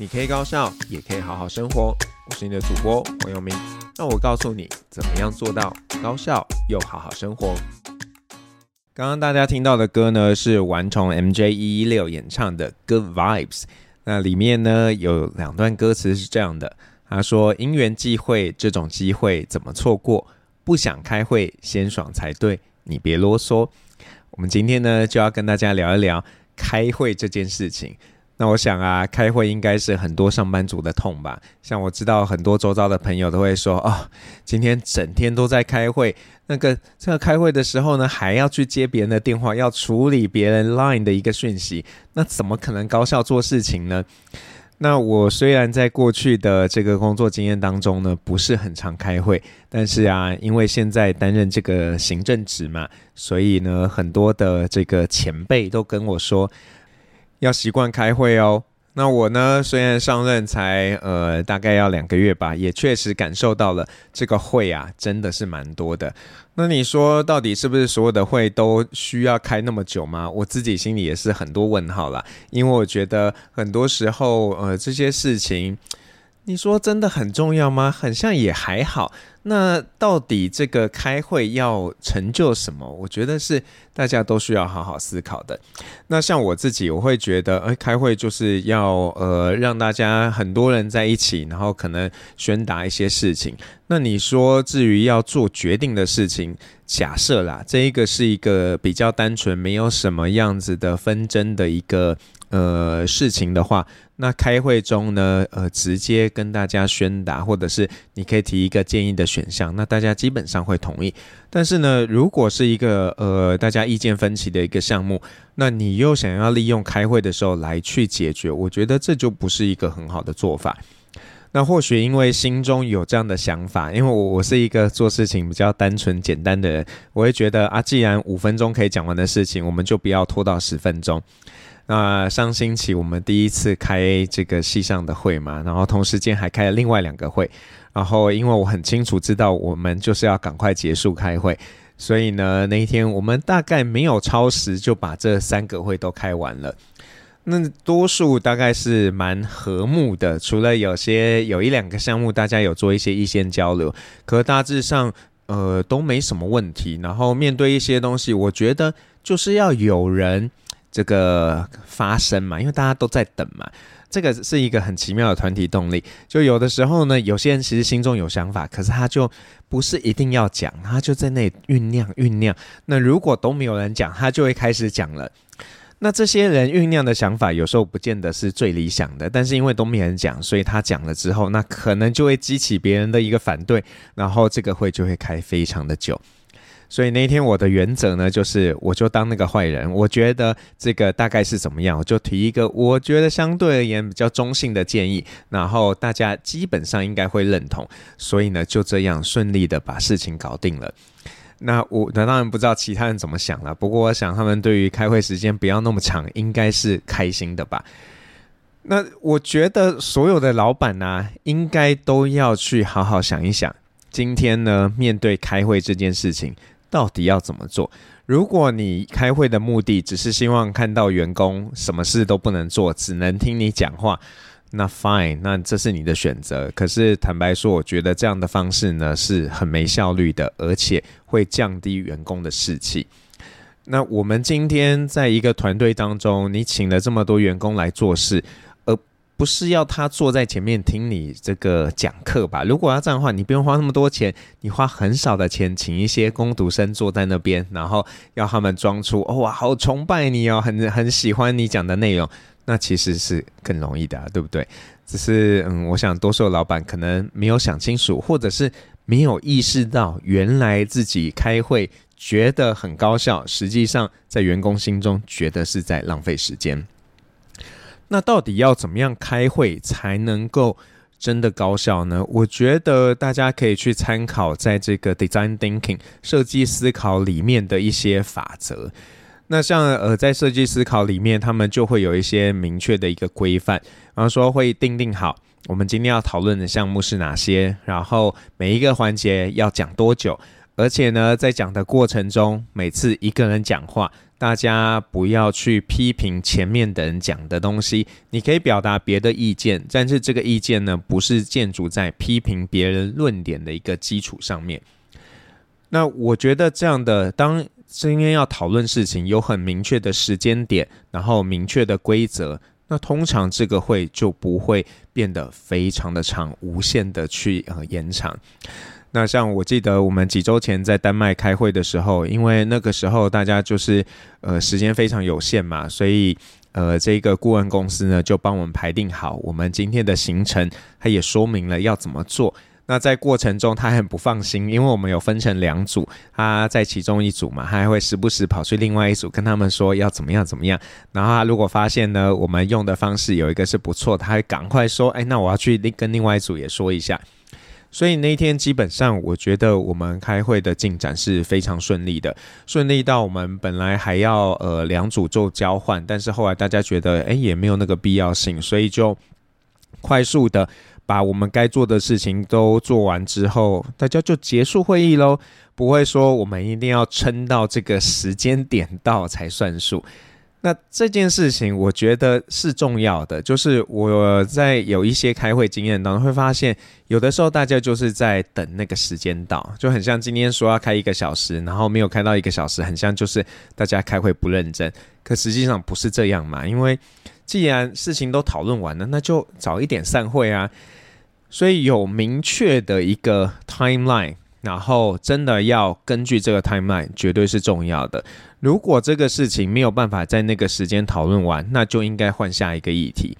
你可以高效，也可以好好生活。我是你的主播黃友明，那我告訴你怎麼樣做到高效又好好生活。剛剛大家聽到的歌呢，是頑童 MJ116 演唱的《Good Vibes》。那裡面呢有兩段歌詞是這樣的：他說“因緣際會，這種機會怎麼錯過？不想開會，先爽才對，你別囉嗦。”我們今天呢就要跟大家聊一聊開會這件事情。那我想啊，開會應該是很多上班族的痛吧。像我知道很多周遭的朋友都會說，哦，今天整天都在開會，那個這個開會的時候呢，還要去接別人的電話，要處理別人 Line 的一個訊息，那怎麼可能高效做事情呢？那我雖然在過去的這個工作經驗當中呢，不是很常開會，但是啊，因為現在擔任這個行政職嘛，所以呢，很多的這個前輩都跟我說。要習慣開會哦。那我呢，雖然上任才呃大概要兩個月吧，也確實感受到了這個會啊，真的是蠻多的。那你說到底是不是所有的會都需要開那麼久嗎？我自己心裡也是很多問號啦，因為我覺得很多時候呃這些事情。你說真的很重要嗎？好像也還好。那到底這個開會要成就什麼？我覺得是大家都需要好好思考的。那像我自己，我會覺得，欸，開會就是要呃讓大家很多人在一起，然後可能宣達一些事情。那你說至於要做決定的事情，假設啦，這一個是一個比較單純、沒有什麼樣子的紛爭的一個呃事情的話。那開會中呢，呃，直接跟大家宣達，或者是你可以提一個建議的選項，那大家基本上會同意。但是呢，如果是一個呃大家意見分歧的一個項目，那你又想要利用開會的時候來去解決，我覺得這就不是一個很好的做法。那或許因為心中有這樣的想法，因為我我是一個做事情比較單純簡單的人，我會覺得啊，既然五分鐘可以講完的事情，我們就不要拖到十分鐘。那上星期我們第一次開這個系上的會嘛，然後同時間還開了另外兩個會，然後因為我很清楚知道我們就是要趕快結束開會，所以呢那一天我們大概沒有超時就把這三個會都開完了。那多數大概是蠻和睦的，除了有些有一兩個項目大家有做一些意見交流，可大致上呃都沒什麼問題。然後面對一些東西，我覺得就是要有人。這個發生嘛，因為大家都在等嘛，這個是一個很奇妙的團體動力。就有的時候呢，有些人其實心中有想法，可是他就不是一定要講，他就在那裡醞釀醞釀。那如果都沒有人講，他就會開始講了。那這些人醞釀的想法，有時候不見得是最理想的，但是因為都沒有人講，所以他講了之後，那可能就會激起別人的一個反對，然後這個會就會開非常的久。所以那天我的原則呢，就是我就當那個壞人，我覺得這個大概是怎麼樣，我就提一個我覺得相對而言比較中性的建議，然後大家基本上應該會認同，所以呢就這樣順利的把事情搞定了。那我當然不知道其他人怎麼想了啊，不過我想他們對於開會時間不要那麼長，應該是開心的吧。那我覺得所有的老闆呢啊，應該都要去好好想一想，今天呢面對開會這件事情。到底要怎麼做？如果你開會的目的只是希望看到員工什麼事都不能做，只能聽你講話，那 fine，那這是你的選擇。可是坦白說，我覺得這樣的方式呢，是很沒效率的，而且會降低員工的士氣。那我們今天在一個團隊當中，你請了這麼多員工來做事。不是要他坐在前面聽你這個講課吧？如果要這樣的話，你不用花那麼多錢，你花很少的錢請一些工讀生坐在那邊，然後要他們裝出哦哇，好崇拜你哦，很很喜歡你講的內容，那其實是更容易的啊，對不對？只是嗯，我想多數老闆可能沒有想清楚，或者是沒有意識到，原來自己開會覺得很高效，實際上在員工心中覺得是在浪費時間。那到底要怎麼樣開會才能夠真的高效呢？我覺得大家可以去參考在這個 design thinking 設計思考裡面的一些法則。那像呃，在設計思考裡面，他們就會有一些明確的一個規範，然後說會訂定好我們今天要討論的項目是哪些，然後每一個環節要講多久，而且呢，在講的過程中，每次一個人講話。大家不要去批評前面的人講的東西，你可以表達別的意見，但是這個意見呢，不是建築在批評別人論點的一個基礎上面。那我覺得這樣的，當今天要討論事情，有很明確的時間點，然後明確的規則，那通常這個會就不會變得非常的長，無限的去，呃，延長。那像我記得我們幾週前在丹麥開會的時候，因為那個時候大家就是呃時間非常有限嘛，所以呃這一個顧問公司呢就幫我們排定好我們今天的行程，他也說明了要怎麼做。那在過程中他很不放心，因為我們有分成兩組，他在其中一組嘛，他還會時不時跑去另外一組跟他們說要怎麼樣怎麼樣。然後他如果發現呢我們用的方式有一個是不錯，他會趕快說，哎、欸，那我要去跟另外一組也說一下。所以那天基本上，我覺得我們開會的進展是非常順利的，順利到我們本來還要呃兩組做交換，但是後來大家覺得誒、欸、也沒有那個必要性，所以就快速的把我們該做的事情都做完之後，大家就結束會議嘍，不會說我們一定要撐到這個時間點到才算數。那這件事情我覺得是重要的，就是我在有一些開會經驗當中會發現，有的時候大家就是在等那個時間到，就很像今天說要開一個小時，然後沒有開到一個小時，很像就是大家開會不認真，可實際上不是這樣嘛，因為既然事情都討論完了，那就早一點散會啊，所以有明確的一個 timeline，然後，真的要根據這個 timeline，絕對是重要的。如果這個事情沒有辦法在那個時間討論完，那就應該換下一個議題。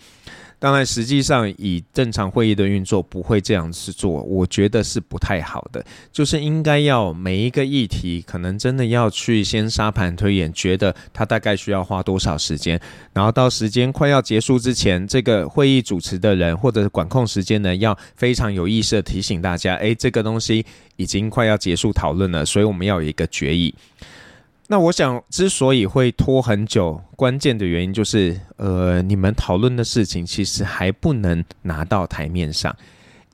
當然，實際上以正常會議的運作不會這樣子做，我覺得是不太好的。就是應該要每一個議題，可能真的要去先沙盤推演，覺得它大概需要花多少時間，然後到時間快要結束之前，這個會議主持的人或者是管控時間呢，要非常有意識的提醒大家，誒、欸，這個東西已經快要結束討論了，所以我們要有一個決議。那我想，之所以會拖很久，關鍵的原因就是，呃，你們討論的事情其實還不能拿到台面上，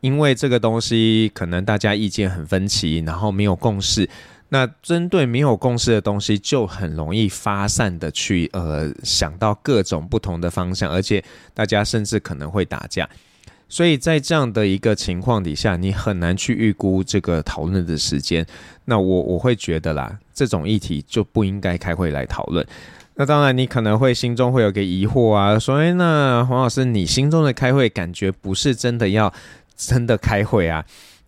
因為這個東西可能大家意見很分歧，然後沒有共識。那針對沒有共識的東西，就很容易發散的去，呃，想到各種不同的方向，而且大家甚至可能會打架。所以在這樣的一個情況底下，你很難去預估這個討論的時間。那我我會覺得啦，這種議題就不應該開會來討論。那當然，你可能會心中會有個疑惑啊，說哎，那黃老師，你心中的開會感覺不是真的要真的開會啊？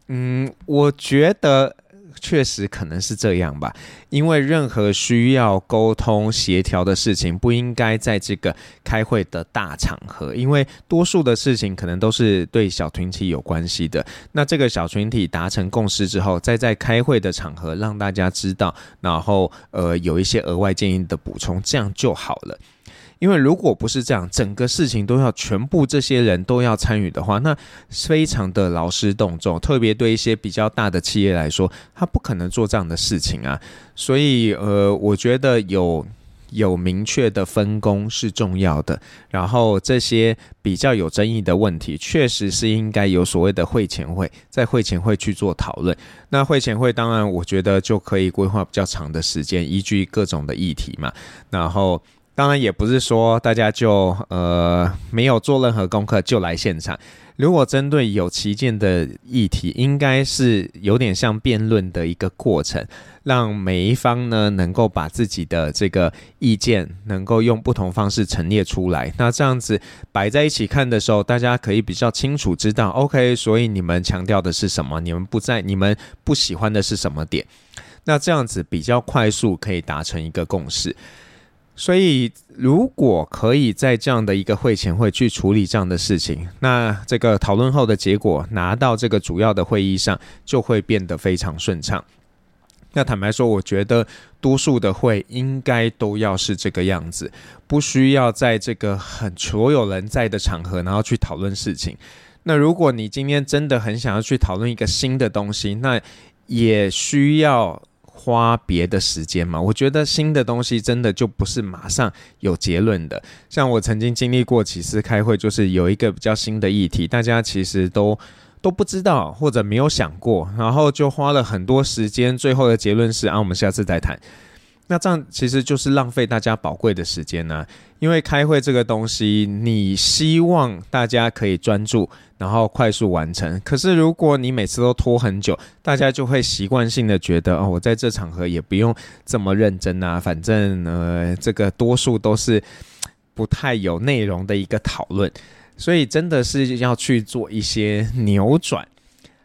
嗯，我覺得。確實可能是這樣吧，因為任何需要溝通協調的事情，不應該在這個開會的大場合，因為多數的事情可能都是對小群體有關係的。那這個小群體達成共識之後，再在，在開會的場合讓大家知道，然後呃有一些額外建議的補充，這樣就好了。因為如果不是這樣，整個事情都要全部這些人都要參與的話，那非常的勞師動眾。特別對一些比較大的企業來說，他不可能做這樣的事情啊。所以，呃，我覺得有有明確的分工是重要的。然後，這些比較有爭議的問題，確實是應該有所謂的會前會，在會前會去做討論。那會前會當然，我覺得就可以規劃比較長的時間，依據各種的議題嘛。然後。當然也不是說大家就呃沒有做任何功課就來現場。如果針對有歧見的議題，應該是有點像辯論的一個過程，讓每一方呢能夠把自己的這個意見能夠用不同方式陳列出來。那這樣子擺在一起看的時候，大家可以比較清楚知道，OK，所以你們強調的是什麼？你們不在，你們不喜歡的是什麼點？那這樣子比較快速可以達成一個共識。所以，如果可以在這樣的一個會前會去處理這樣的事情，那這個討論後的結果拿到這個主要的會議上，就會變得非常順暢。那坦白說，我覺得多數的會應該都要是這個樣子，不需要在這個很所有人在的場合，然後去討論事情。那如果你今天真的很想要去討論一個新的東西，那也需要。花別的時間嘛，我覺得新的東西真的就不是馬上有結論的。像我曾經經歷過幾次開會，就是有一個比較新的議題，大家其實都都不知道或者沒有想過，然後就花了很多時間。最後的結論是啊，我們下次再談。那這樣其實就是浪費大家寶貴的時間呢，啊。因為開會這個東西，你希望大家可以專注。然後快速完成。可是如果你每次都拖很久，大家就會習慣性的覺得哦，我在這場合也不用這麼認真啊，反正呃，這個多數都是不太有內容的一個討論。所以真的是要去做一些扭轉，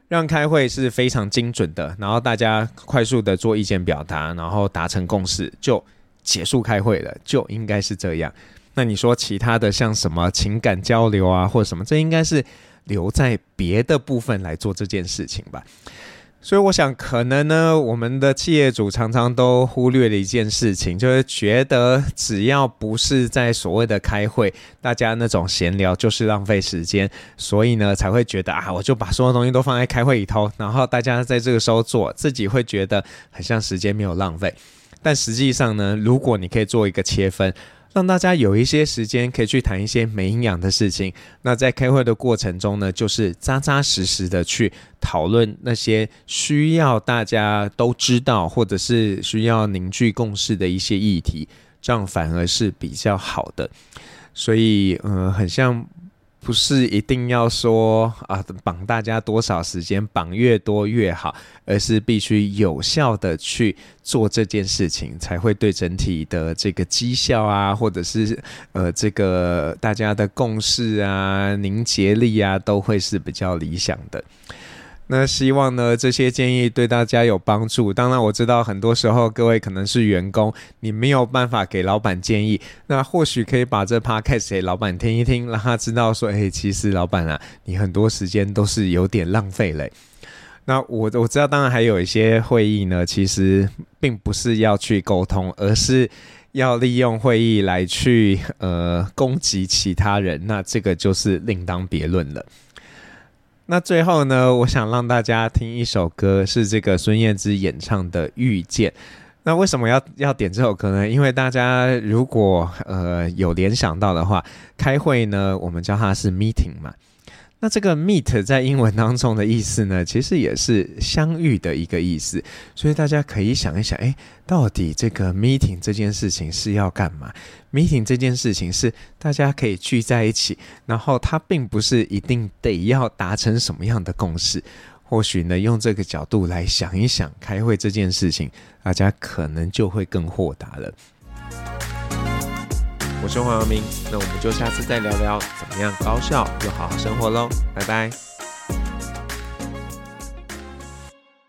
讓開會是非常精準的，然後大家快速的做意見表達，然後達成共識就結束開會了，就應該是這樣。那你說其他的像什麼情感交流啊，或者什麼，這應該是。留在別的部分來做這件事情吧。所以我想，可能呢，我們的企業主常常都忽略了一件事情，就是覺得只要不是在所謂的開會，大家那種閒聊就是浪費時間，所以呢，才會覺得啊，我就把所有東西都放在開會裡頭，然後大家在這個時候做，自己會覺得很像時間沒有浪費。但實際上呢，如果你可以做一個切分。讓大家有一些時間可以去談一些沒營養的事情。那在開會的過程中呢，就是扎扎實實的去討論那些需要大家都知道，或者是需要凝聚共識的一些議題，這樣反而是比較好的。所以，嗯、呃，很像。不是一定要說啊綁大家多少時間，綁越多越好，而是必須有效的去做這件事情，才會對整體的這個績效啊，或者是呃這個大家的共識啊、凝結力啊，都會是比較理想的。那希望呢，這些建議對大家有幫助。當然我知道很多時候各位可能是員工，你沒有辦法給老闆建議，那或許可以把這 Podcast 給老闆聽一聽，讓他知道說，哎、欸，其實老闆啊，你很多時間都是有點浪費嘞。那我我知道，當然還有一些會議呢，其實並不是要去溝通，而是要利用會議來去呃攻擊其他人，那這個就是另當別論了。那最後呢，我想讓大家聽一首歌，是這個孫燕姿演唱的《遇見》。那為什麼要要點這首歌呢？因為大家如果呃有聯想到的話，開會呢，我們叫它是 meeting 嘛。那這個 meet 在英文當中的意思呢，其實也是相遇的一個意思。所以大家可以想一想，誒、欸，到底這個 meeting 這件事情是要幹嘛？meeting 這件事情是大家可以聚在一起，然後它並不是一定得要達成什麼樣的共識。或許呢，用這個角度來想一想，開會這件事情，大家可能就會更豁達了。我是黃耀明，那我們就下次再聊聊怎麼樣高效又好好生活嘍，拜拜。